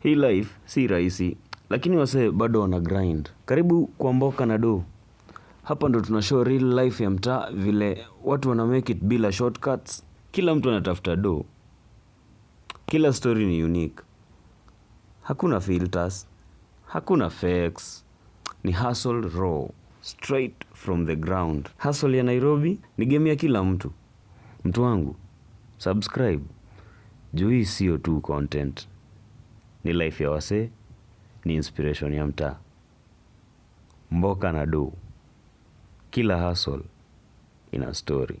Hii life si rahisi, lakini wasee bado wana grind. Karibu kwa Mboka na Do. Hapa ndo tunashow real life ya mtaa vile watu wana make it bila shortcuts. Kila mtu anatafuta do. Kila story ni unique. Hakuna filters, hakuna fakes. Ni hustle raw, straight from the ground. Hustle ya Nairobi ni game ya kila mtu. Mtu wangu, subscribe. Juu hii sio tu content ni life ya wasee, ni inspiration ya mtaa. Mboka na Duu, kila hustle ina story.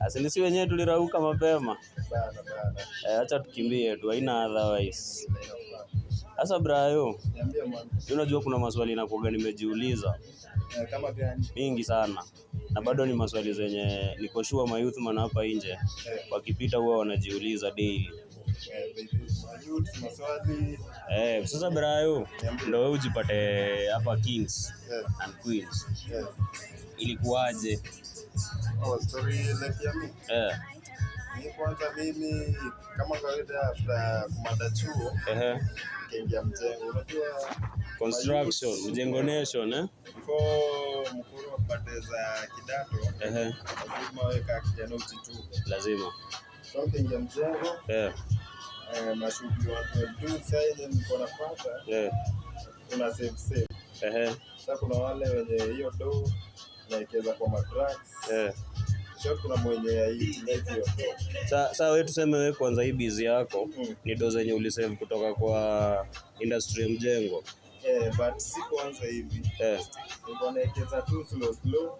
Asili si wenyewe tulirauka mapema bana, bana. E, acha tukimbie tu, haina otherwise. Sasa brayo, unajua kuna maswali nakuaga nimejiuliza mingi sana na bado ni maswali zenye niko sure mayouth man hapa nje wakipita huwa wanajiuliza daily. Eh, sasa brayo ndo wewe ujipate hapa Kings yeah. and Queens. yeah. Ilikuwaje? Oh, story like ya mimi. Eh. Ni kwanza mimi kama kawaida after kumada chuo. Eh. Kaingia mjengo. Unajua construction, mjengo nation eh? Before mkuru apate za kidato. Eh. Lazima weka kijana uti Lazima. So kaingia mjengo. Eh. Eh, mashughuli kuna save save. Sasa kuna wale wenye hiyo do naekeza kwa matracks. Kuna mwenye Sasa wewe tuseme wewe kwanza hii bizi yako mm. ni do zenye ulisave kutoka kwa industry ya mjengo. Yeah, but si kwanza hivi. Eh. naekeza tu slow slow.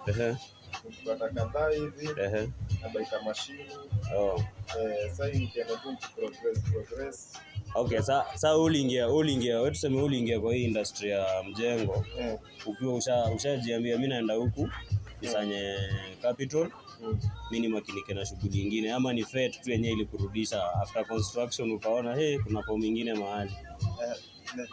Nikipata kadhaa hivi nabaita mashini oh. eh, tuseme uliingia kwa hii industry ya mjengo yeah. Ukiwa ushajiambia usha naenda huku nisanye yeah. capital mm. na shughuli ingine ama ni tu yenyewe ilikurudisha after construction ukaona hey, kuna form ingine mahali yeah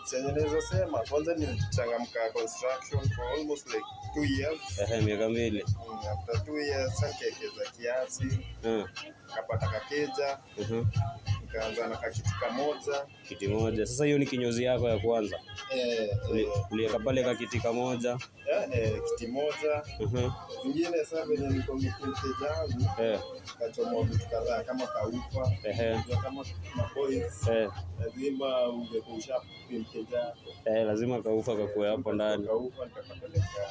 chenye naweza sema kwanza ni changamka construction for almost like two years. Eh, miaka mbili. Mm, after two years akekeza kiasi mm. kapata kakeja mhm nikaanza na kitu kimoja, kiti moja. Sasa hiyo ni kinyozi yako ya kwanza eh? eh. Uliweka pale ka kiti kimoja eh, eh kiti moja mhm. Nyingine Sasa venye niko Eh. kachomoa vitu kadhaa kama kaupa Eh. kama kama boys. Eh. lazima ungekuisha mteja eh, lazima kaupa kakuwe hapo ndani Kaupa kakapeleka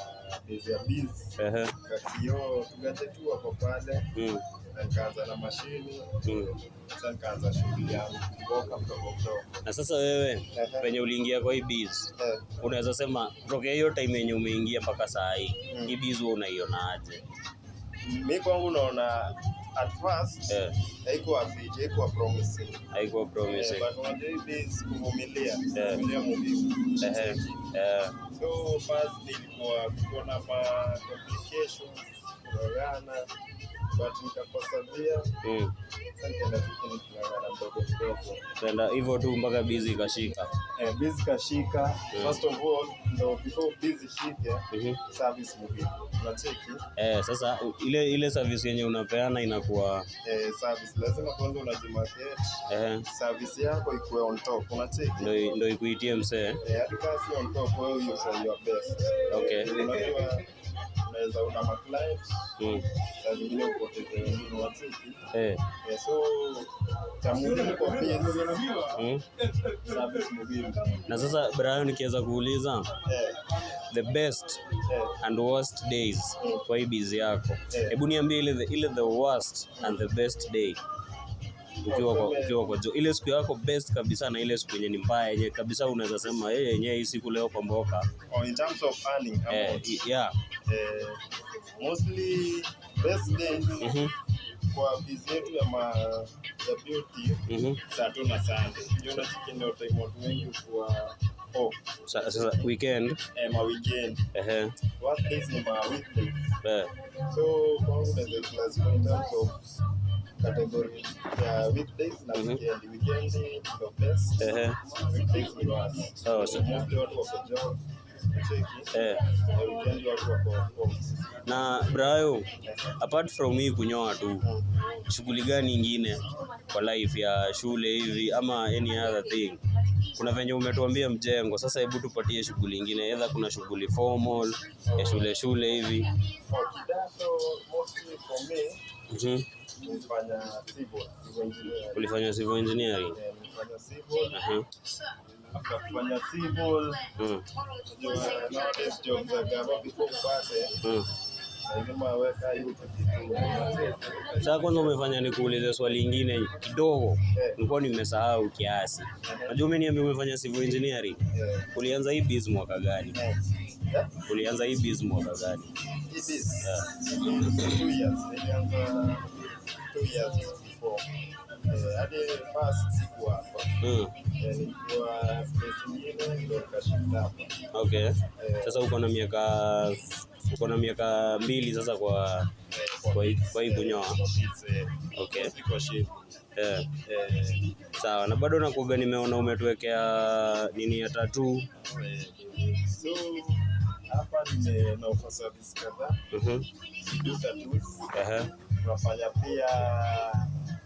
bezi ya bezi kakio tu hapo pale Mhm nikaanza na mashini mm. Sasa nikaanza shughuli yangu mboka mdogo mdogo. Na sasa wewe penye uliingia kwa hii biz, eh. unaweza sema tokea hiyo time yenye umeingia mpaka saa hii mm. hii biz wewe aje? Mimi kwangu naona at first eh. haikuwa fiji, haikuwa promising, haikuwa promising, eh, but when hii biz kuvumilia, kuvumilia muhimu. Eh, eh, so first nilikuwa kuna ma complications, kugongana Kenda mm. hivyo tu mpaka bizi ikashika. Eh, bizi ikashika. Mm. First of all, ndo before bizi shike, mhm. service muhimu. Unacheki? Eh, sasa ile ile service yenye unapeana inakuwa eh, service lazima kwanza unajimarket. Eh. Service yako ikuwe on top. Unacheki? ndo ndio ikuitie msee. Eh, hadi kazi on top wewe you your best. Okay unaweza una maclient mm. na zingine kupoteza wengine watiki eh yeah, so mm. Na sasa Brian, nikiweza kuuliza the best and worst days kwa hii bizi yako hebu niambie ile the, ile the worst and the best day ukiwa kwa ukiwa kwa juu ile siku yako best kabisa na ile siku yenye ni mbaya yenye kabisa unaweza sema yeye yenyewe hii siku leo kwa mboka. Oh, in terms of earning, how eh, Yeah. Uh, mostly best mm-hmm. kwa bizi yetu ya ma ya beauty mm-hmm. Saturday na Sunday ndio time watu wengi kwa Oh. Sasa weekend eh, ma weekend eh eh birthdays ni ma weekdays eh so kwangu naweza classify in of category ya weekdays na mm-hmm. weekend weekend the best eh eh oh, so Eh. Na brayo, apart from hii kunyoa tu, shughuli gani ingine kwa life ya shule hivi ama any other thing? Kuna venye umetuambia mjengo, sasa hebu tupatie shughuli ingine, edha kuna shughuli formal ya shule shule hivi. Mm-hmm. Ulifanya civil engineering? after civil jobs mm. mm. sasa kwanza umefanya nikuulize swali lingine kidogo, nilikuwa nimesahau kiasi. Najua umeniambia umefanya civil engineering. Ulianza hii biz mwaka gani? Ulianza hii biz mwaka gani? Two years. Eh, mm. eh, okay, eh, sasa uko na miaka uko na miaka mbili sasa kwa kwa hii kunyoa. Okay, eh, sawa. Na bado nakuga, nimeona umetuwekea nini ya tattoo hapa nina offer service kadhaa. Mhm. Tunafanya pia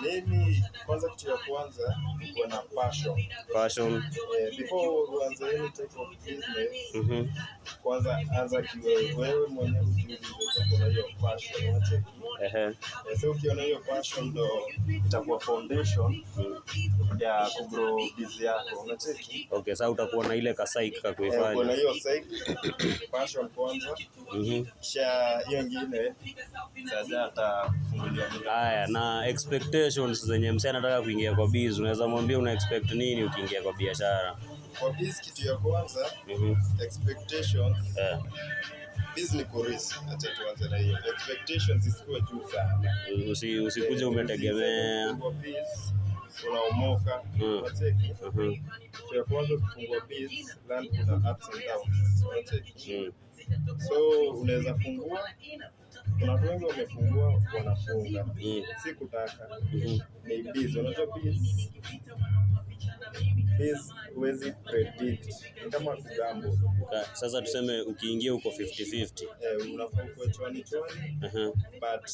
Mimi kwanza, kitu ya kwanza niko na passion. Passion. Eh, before uanze any type of business. Mhm. Kwanza anza kiwewe wewe mwenyewe ujiulize kwa hiyo passion. Unacheki ukiona hiyo passion ndo itakuwa foundation ya yako, unacheki. Okay, sasa utakuwa na ile kasaiki ka kuifanya. Kuna hiyo passion kwanza. Mhm. Kisha hiyo nyingine sasa atafungulia. Haya, na expectations zenye msee anataka kuingia kwa biz, unaweza mwambia una expect nini ukiingia kwa biashara? Kwa biz kitu ya kwanza, mhm. expectations. Eh usikuja Chorus, acha tuanze Expectations umetegemea kwanza kufungua kuna ups and downs hmm. So unaweza fungua kuna watu wengi wamefungua wanafunga, hmm. si kutaka hmm. ni Unajua huwezi predict, kama Sasa tuseme ukiingia uko 50-50. Eh, unafaa chwani chwani. But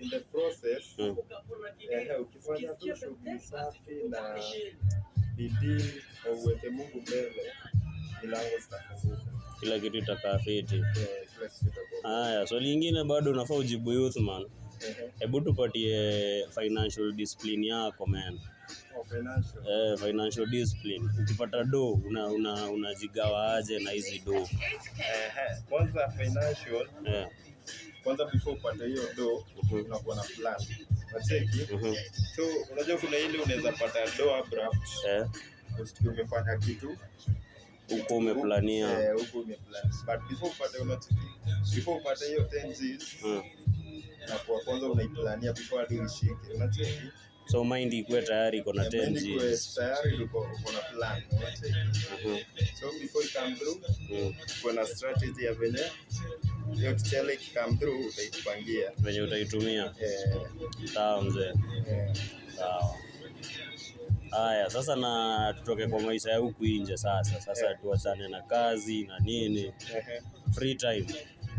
in the process, eh, ukifanya tu shughuli safi na bidii na uweke Mungu mbele, milango zitafunguka kila kitu itakaa fiti. Eh, Haya, swali lingine bado unafaa ujibu yuthman Mhm. Hebu uh -huh. tupatie financial discipline yako man. Oh, financial. Eh, financial discipline ukipata do unajigawa una, una aje na hizi do? Eh, Kwanza financial eh. Kwanza before upate hiyo do mhm. unakuwa na plan nacheki. Mhm. So unajua kuna ile unaweza pata do abrupt eh. Usiki umefanya kitu huko umeplania, eh, huko umeplania but before upate hiyo 10 G's mm na kwa kwanza unaiplania before hadi uishike, unacheki so mind ikuwe tayari iko na 10 years tayari uko na plan unacheki mm-hmm. so before it come through mm-hmm. uko na strategy ya venye hiyo tuchele ikikam through utaipangia venye utaitumia sawa mzee sawa Haya, sasa na tutoke kwa maisha ya huku nje sasa. Sasa yeah. Tuachane na kazi na nini. Free time.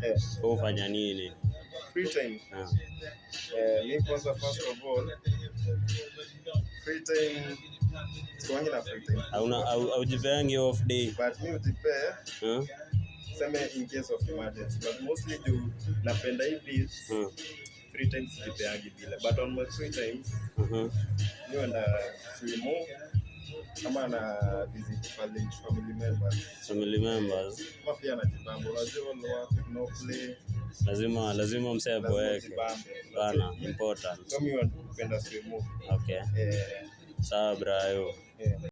Yeah. Ufanya nini? free time eh, mi kwanza, first of all free time sikuangi na free time, aujipeangi off day, but mi ujipea seme in case of emergency, but mostly juu napenda hivi hmm. free time sijipeangi bila, but on my free time niwe na free kama na visit family members, family members, na jibambo, no play lazima lazima msee apoeke bana important okay eh. sawa bro.